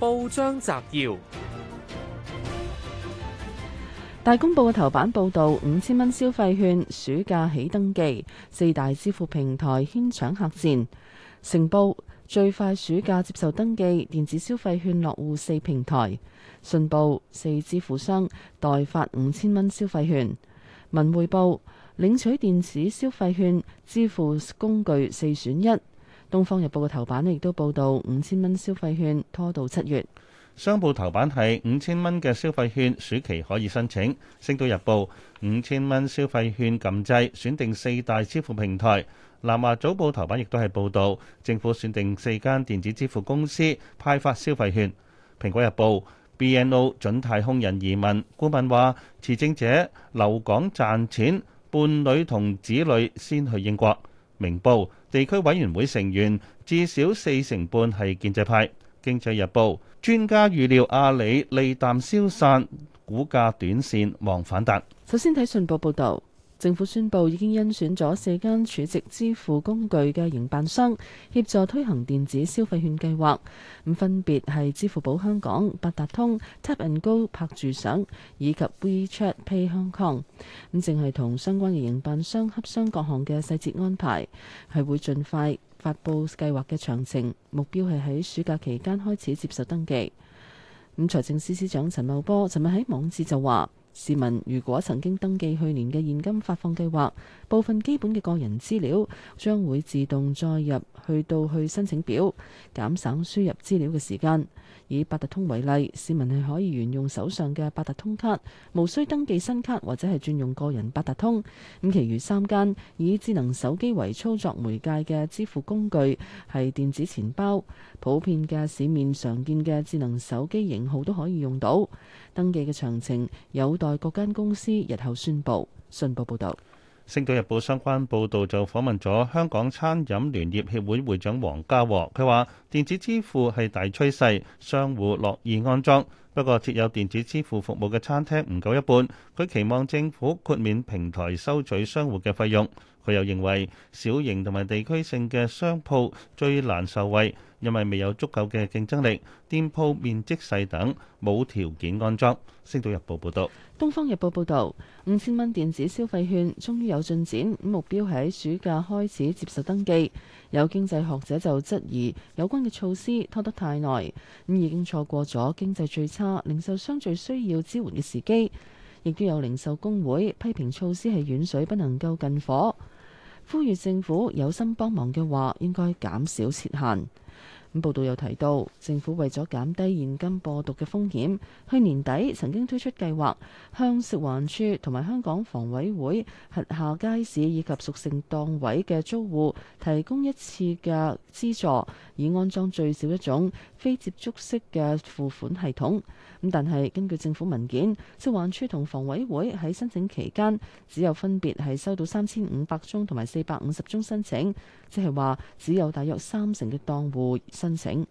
報章摘要：大公報嘅頭版報道五千蚊消費券暑假起登記，四大支付平台牽搶客戰。成報：最快暑假接受登記電子消費券落戶四平台。信報：四支付商代發五千蚊消費券。文匯報：領取電子消費券支付工具四選一。東方日報嘅頭版亦都報道五千蚊消費券拖到七月。商報頭版係五千蚊嘅消費券，暑期可以申請。星島日報五千蚊消費券㩒掣，選定四大支付平台。南華早報頭版亦都係報道，政府選定四間電子支付公司派發消費券。蘋果日報 BNO 准太空人移民，顧問話持證者留港賺錢，伴侶同子女先去英國。明報，地區委員會成員至少四成半係建制派。經濟日報，專家預料阿里利淡消散，股價短線望反彈。首先睇信報報道。政府宣布已經甄選咗四間儲值支付工具嘅營辦商，協助推行電子消費券計劃。咁分別係支付寶香港、八達通、Tap and Go 拍住上以及 WeChat Pay Hong Kong。咁正係同相關嘅營辦商洽商各項嘅細節安排，係會盡快發布計劃嘅詳情。目標係喺暑假期間開始接受登記。咁財政司司長陳茂波，尋日喺網誌就話，市民如果曾經登記去年嘅現金發放計劃，部分基本嘅個人資料將會自動載入去到去申請表，減省輸入資料嘅時間。以八達通為例，市民係可以沿用手上嘅八達通卡，無需登記新卡或者係轉用個人八達通。咁，其餘三間以智能手機為操作媒介嘅支付工具係電子錢包，普遍嘅市面常見嘅智能手機型號都可以用到。登記嘅詳情有待各間公司日後宣布。信報報道。《星島日報》相關報導就訪問咗香港餐飲聯業協會會長黃家和，佢話：電子支付係大趨勢，商戶樂意安裝。不過，設有電子支付服務嘅餐廳唔夠一半。佢期望政府豁免平台收取商戶嘅費用。佢又認為小型同埋地區性嘅商鋪最難受惠。因為未有足夠嘅競爭力、店鋪面積細等，冇條件安裝。星島日報報道：「東方日報報道，五千蚊電子消費券終於有進展，目標喺暑假開始接受登記。有經濟學者就質疑有關嘅措施拖得太耐，咁已經錯過咗經濟最差、零售商最需要支援嘅時機。亦都有零售公會批評措施係遠水不能夠近火。呼籲政府有心幫忙嘅話，應該減少設限。咁報道又提到，政府為咗減低現金播毒嘅風險，去年底曾經推出計劃，向食環署同埋香港房委會轄下街市以及屬性檔位嘅租戶提供一次嘅資助，以安裝最少一種非接觸式嘅付款系統。咁但係根據政府文件，食環署同房委會喺申請期間只有分別係收到三千五百宗同埋四百五十宗申請，即係話只有大約三成嘅檔戶。申請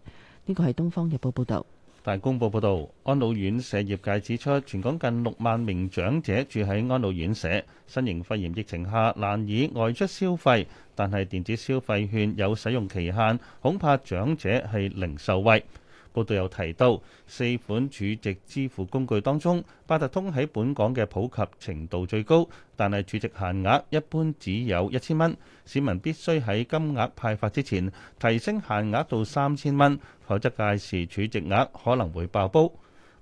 呢個係東方日報報道。大公報報道，安老院舍業界指出，全港近六萬名長者住喺安老院舍，新型肺炎疫情下難以外出消費，但係電子消費券有使用期限，恐怕長者係零受惠。報道有提到，四款儲值支付工具當中，八達通喺本港嘅普及程度最高，但係儲值限額一般只有一千蚊，市民必須喺金額派發之前提升限額到三千蚊，否則屆時儲值額可能會爆煲。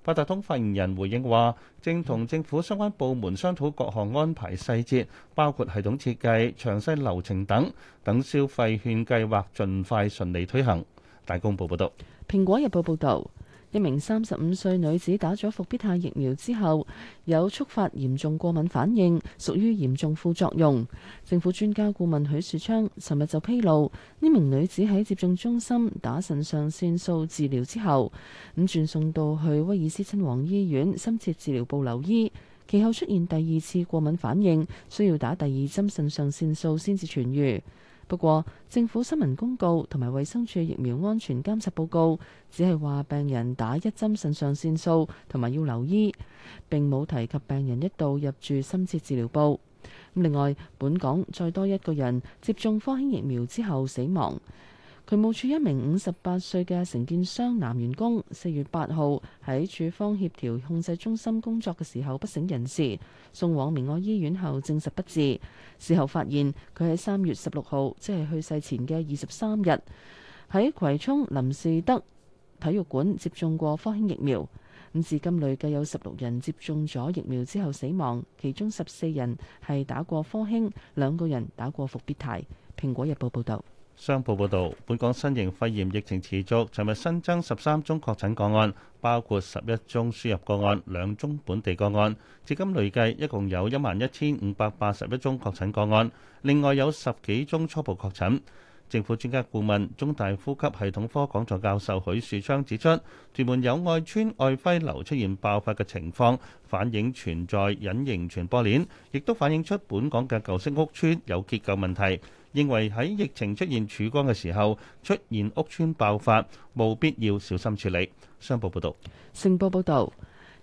八達通發言人回應話，正同政府相關部門商討各項安排細節，包括系統設計、詳細流程等，等消費券計劃盡快順利推行。大公報報道。《蘋果日報》報道，一名三十五歲女子打咗復必泰疫苗之後，有觸發嚴重過敏反應，屬於嚴重副作用。政府專家顧問許樹昌尋日就披露，呢名女子喺接種中心打腎上腺素治療之後，咁轉送到去威爾斯親王醫院深切治療部留醫，其後出現第二次過敏反應，需要打第二針腎上腺素先至痊癒。不過，政府新聞公告同埋衛生署疫苗安全監察報告只係話病人打一針腎上腺素同埋要留醫，並冇提及病人一度入住深切治療部。另外，本港再多一個人接種科興疫苗之後死亡。渠務署一名五十八歲嘅承建商男員工，四月八號喺處方協調控制中心工作嘅時候不省人事，送往明愛醫院後證實不治。事後發現佢喺三月十六號，即係去世前嘅二十三日，喺葵涌林士德體育館接種過科興疫苗。咁至今累計有十六人接種咗疫苗之後死亡，其中十四人係打過科興，兩個人打過復必泰。《蘋果日報》報道。商報報導，本港新型肺炎疫情持續，尋日新增十三宗確診個案，包括十一宗輸入個案、兩宗本地個案。至今累計一共有一萬一千五百八十一宗確診個案，另外有十幾宗初步確診。政府專家顧問、中大呼吸系統科講座教授許樹昌指出，屯門友愛邨愛暉樓出現爆發嘅情況，反映存在隱形傳播鏈，亦都反映出本港嘅舊式屋邨有結構問題。認為喺疫情出現曙光嘅時候出現屋邨爆發，務必要小心處理。商報報道：星報報導，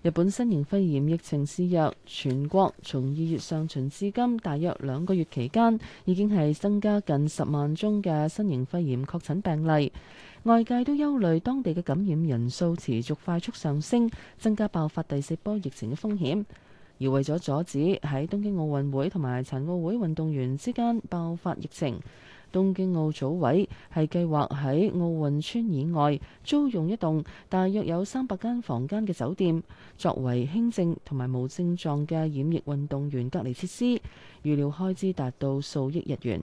日本新型肺炎疫情肆虐，全國從二月上旬至今，大約兩個月期間，已經係增加近十萬宗嘅新型肺炎確診病例。外界都憂慮當地嘅感染人數持續快速上升，增加爆發第四波疫情嘅風險。而為咗阻止喺東京奧運會同埋殘奧會運動員之間爆發疫情，東京奧組委係計劃喺奧運村以外租用一棟大約有三百間房間嘅酒店，作為輕症同埋無症狀嘅染疫運動員隔離設施，預料開支達到數億日元。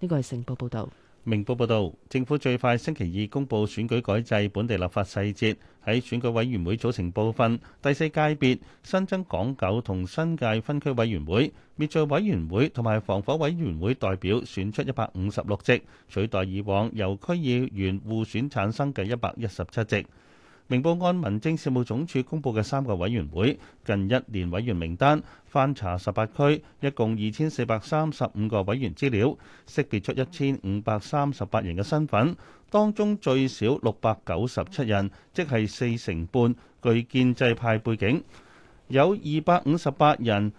呢個係成報報道。明報報導，政府最快星期二公布選舉改制本地立法細節，喺選舉委員會組成部分第四界別新增港九同新界分區委員會、滅罪委員會同埋防火委員會代表選出一百五十六席，取代以往由區議員互選產生嘅一百一十七席。明報按民政事務總署公佈嘅三個委員會近一年委員名單，翻查十八區一共二千四百三十五個委員資料，識別出一千五百三十八人嘅身份，當中最少六百九十七人，即係四成半具建制派背景，有二百五十八人，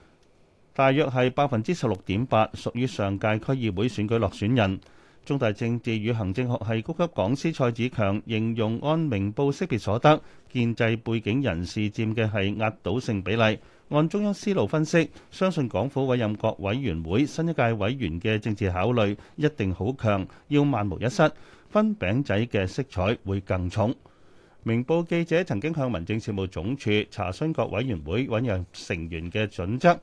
大約係百分之十六點八屬於上屆區議會選舉落選人。中大政治與行政學系高級講師蔡子強形容按明報識別所得建制背景人士佔嘅係壓倒性比例，按中央思路分析，相信港府委任各委員會新一屆委員嘅政治考慮一定好強，要萬無一失，分餅仔嘅色彩會更重。明報記者曾經向民政事務總署查詢各委員會委任成員嘅準則。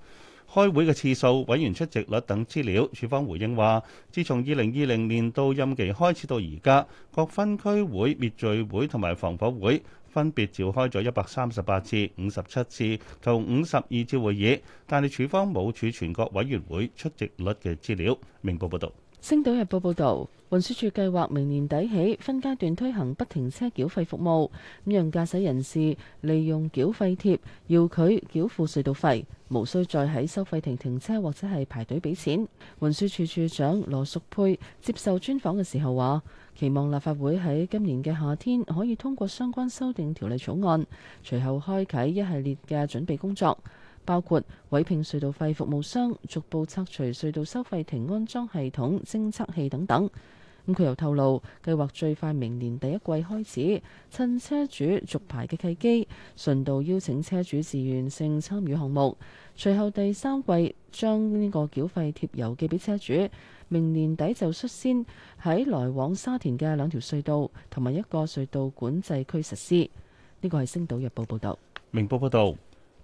開會嘅次數、委員出席率等資料，處方回應話：自從二零二零年到任期開始到而家，各分區會、滅罪會同埋防火會分別召開咗一百三十八次、五十七次同五十二次會議，但係處方冇儲存各委員會出席率嘅資料。明報報道。星島日報報道，運輸署計劃明年底起分階段推行不停車繳費服務，咁讓駕駛人士利用繳費貼遙距繳付隧道費，無需再喺收費亭停車或者係排隊俾錢。運輸署署長羅淑佩接受專訪嘅時候話，期望立法會喺今年嘅夏天可以通過相關修訂條例草案，隨後開啟一系列嘅準備工作。包括委聘隧道費服務商，逐步拆除隧道收費亭、安裝系統偵測器等等。咁佢又透露，計劃最快明年第一季開始，趁車主續牌嘅契機，順道邀請車主自願性參與項目。隨後第三季將呢個繳費貼郵寄俾車主，明年底就率先喺來往沙田嘅兩條隧道同埋一個隧道管制區實施。呢個係星島日報報道。明報報道。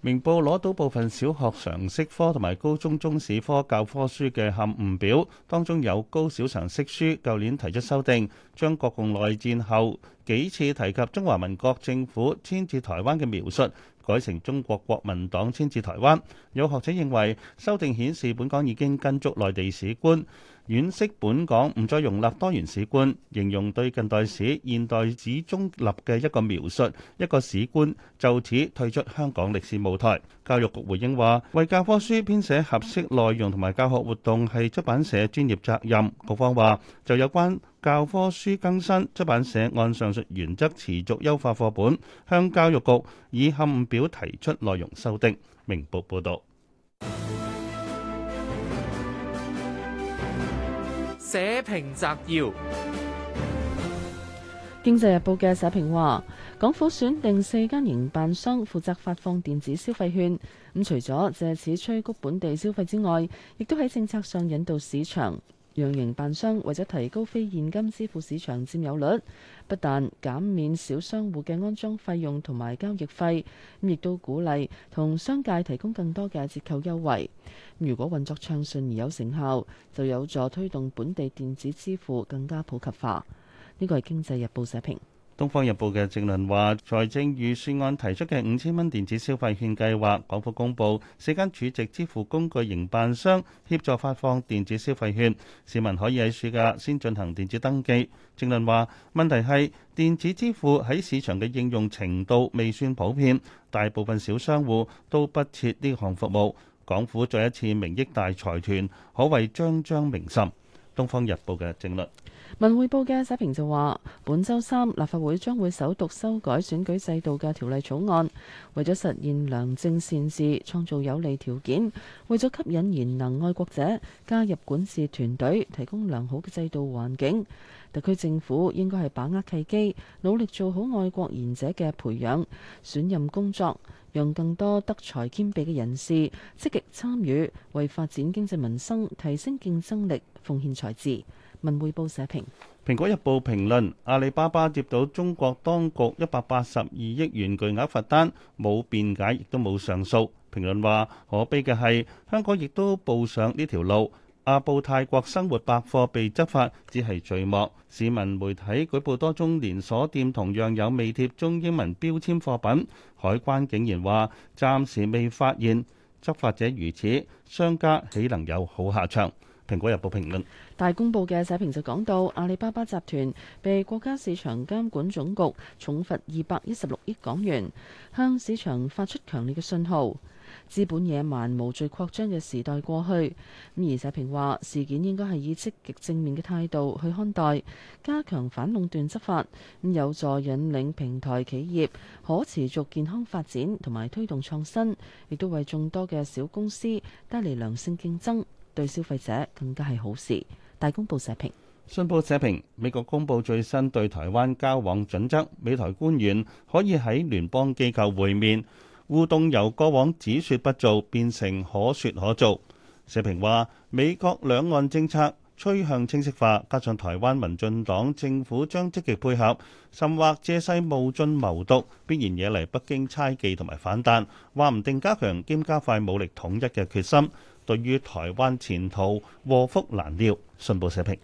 明報攞到部分小學常識科同埋高中中史科教科書嘅勘誤表，當中有高小常識書，舊年提出修訂，將國共內戰後幾次提及中華民國政府遷至台灣嘅描述，改成中國國民黨遷至台灣。有學者認為，修訂顯示本港已經跟足內地史觀。惋惜本港唔再容納多元史觀，形容對近代史、現代史中立嘅一個描述，一個史觀就此退出香港歷史舞台。教育局回應話，為教科書編寫合適內容同埋教學活動係出版社專業責任。局方話，就有關教科書更新，出版社按上述原則持續優化課本，向教育局以勘誤表提出內容修訂。明報報道。社評摘要，《經濟日報》嘅社評話，港府選定四間營辦商負責發放電子消費券，咁除咗借此催谷本地消費之外，亦都喺政策上引導市場。讓營辦商為咗提高非現金支付市場佔有率，不但減免小商戶嘅安裝費用同埋交易費，咁亦都鼓勵同商界提供更多嘅折扣優惠。如果運作暢順而有成效，就有助推動本地電子支付更加普及化。呢個係《經濟日報》社評。《東方日報》嘅正論話，財政預算案提出嘅五千蚊電子消費券計劃，港府公佈四間儲值支付工具營辦商協助發放電子消費券，市民可以喺暑假先進行電子登記。正論話，問題係電子支付喺市場嘅應用程度未算普遍，大部分小商戶都不設呢項服務。港府再一次名益大財團，可謂彰彰明甚。《東方日報》嘅正論。文匯報嘅社評就話：本周三立法會將會首讀修改選舉制度嘅條例草案，為咗實現良政善治，創造有利條件，為咗吸引賢能愛國者加入管治團隊，提供良好嘅制度環境，特區政府應該係把握契機，努力做好愛國賢者嘅培養、選任工作，讓更多德才兼備嘅人士積極參與，為發展經濟民生、提升競爭力奉獻才智。文匯報社評：蘋果日報評論，阿里巴巴接到中國當局一百八十二億元巨額罰單，冇辯解亦都冇上訴。評論話：可悲嘅係，香港亦都步上呢條路。阿布泰國生活百貨被執法，只係序幕。市民媒體舉報多宗連鎖店同樣有未貼中英文標籤貨品，海關竟然話暫時未發現。執法者如此，商家豈能有好下場？《蘋果日報》評論，《大公報》嘅社評就講到，阿里巴巴集團被國家市場監管總局重罰二百一十六億港元，向市場發出強烈嘅信號，資本野蠻無序擴張嘅時代過去。咁而社評話，事件應該係以積極正面嘅態度去看待，加強反壟斷執法，咁有助引領平台企業可持續健康發展，同埋推動創新，亦都為眾多嘅小公司帶嚟良性競爭。對消費者更加係好事。大公報社評。信報社評，美國公佈最新對台灣交往準則，美台官員可以喺聯邦機構會面互動，由過往只說不做變成可說可做。社評話，美國兩岸政策趨向清晰化，加上台灣民進黨政府將積極配合，甚或借勢冒進謀獨，必然惹嚟北京猜忌同埋反彈，話唔定加強兼加快武力統一嘅決心。對於台灣前途，禍福難料。信報社評。